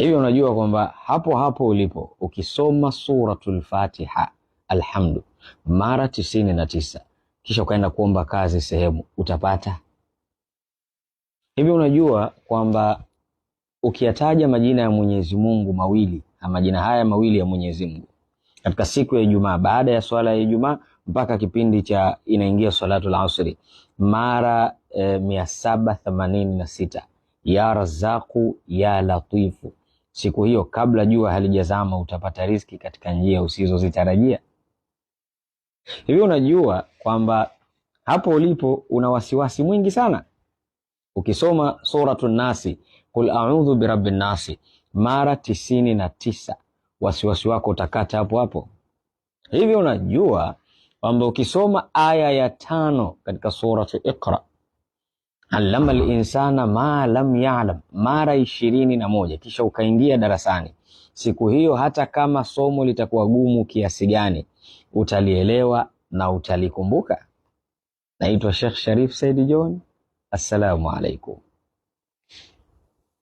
Hivi unajua kwamba hapo hapo ulipo ukisoma Suratul Fatiha alhamdu mara tisini na tisa kisha ukaenda kuomba kazi sehemu utapata. Hivi unajua kwamba ukiyataja majina ya Mwenyezi Mungu mawili na majina haya mawili ya Mwenyezi Mungu katika siku ya Ijumaa baada ya swala ya Ijumaa mpaka kipindi cha inaingia salatu asri mara eh, mia saba themanini na sita ya Razaku ya Latifu siku hiyo kabla jua halijazama utapata riski katika njia usizozitarajia. hivyo unajua kwamba hapo ulipo una wasiwasi mwingi sana? Ukisoma suratu Nasi, qul a'udhu birabi nasi mara tisini na tisa, wasiwasi wako utakata hapo hapo. hivyo unajua kwamba ukisoma aya ya tano katika suratu Iqra allama linsana ma lam ya'lam, mara ishirini na moja. Kisha ukaingia darasani siku hiyo, hata kama somo litakuwa gumu kiasi gani, utalielewa na utalikumbuka. Naitwa Sheikh Sharif Said John, assalamu alaikum.